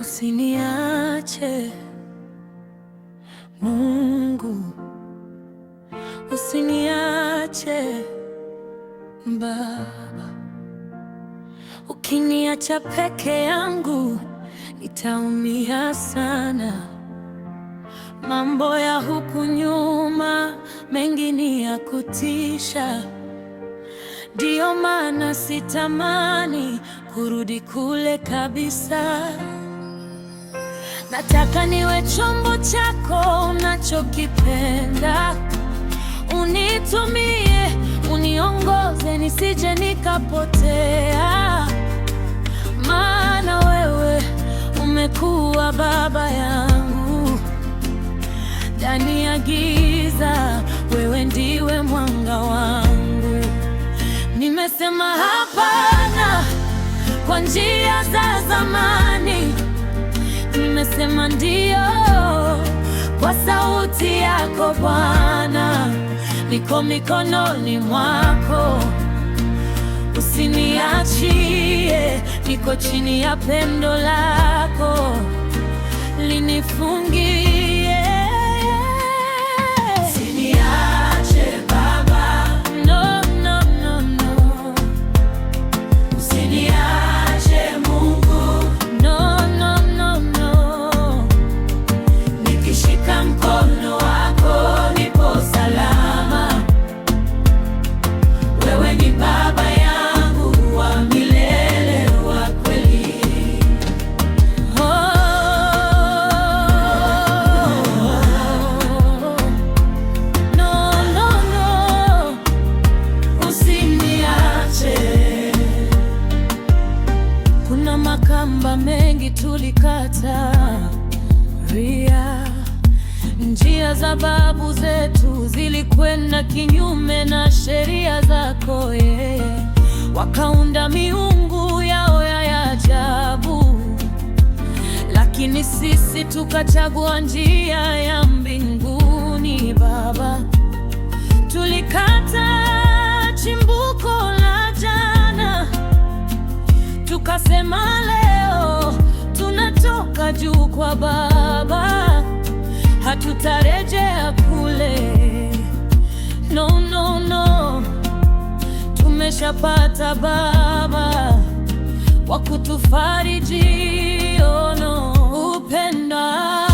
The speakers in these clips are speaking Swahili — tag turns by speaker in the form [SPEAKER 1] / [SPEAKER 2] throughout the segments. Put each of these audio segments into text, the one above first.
[SPEAKER 1] Usiniache Mungu, usiniache Baba. Ukiniacha peke yangu nitaumia sana. Mambo ya huku nyuma mengi ni ya kutisha, ndiyo maana sitamani kurudi kule kabisa. Nataka niwe chombo chako unachokipenda, unitumie, uniongoze, nisije nikapotea, maana wewe umekuwa baba yangu ndani ya giza, wewe ndiwe mwanga wangu. Nimesema hapana kwa njia za Sema ndio kwa sauti yako Bwana, niko mikononi mwako, usiniachie, niko chini ya pendo lako linifungi mengi tulikata ria, njia za babu zetu zilikwenda kinyume na sheria zako ye, wakaunda miungu yao ya ajabu, lakini sisi tukachagua njia ya mbinguni. Baba, tulikata chimbuko la jana tukasema kwa Baba, hatutarejea kule. No, no, no, tumeshapata Baba wa kutufariji. Oh, no, upenda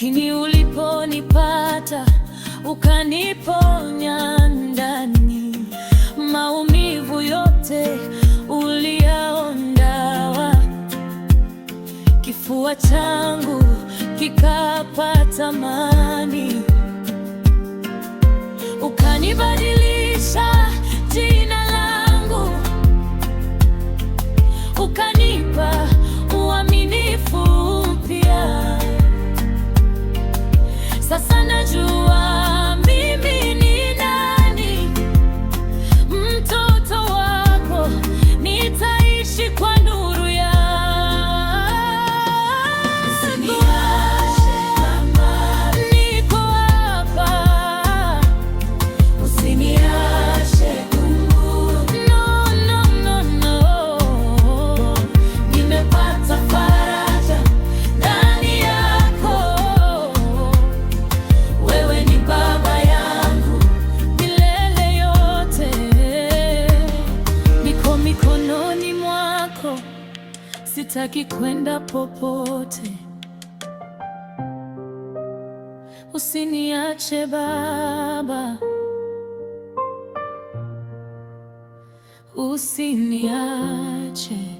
[SPEAKER 1] lakini uliponipata ukaniponya ndani, maumivu yote uliyaondoa, kifua changu kikapata amani, ukanibadilisha sitaki kwenda popote, usiniache Baba, usiniache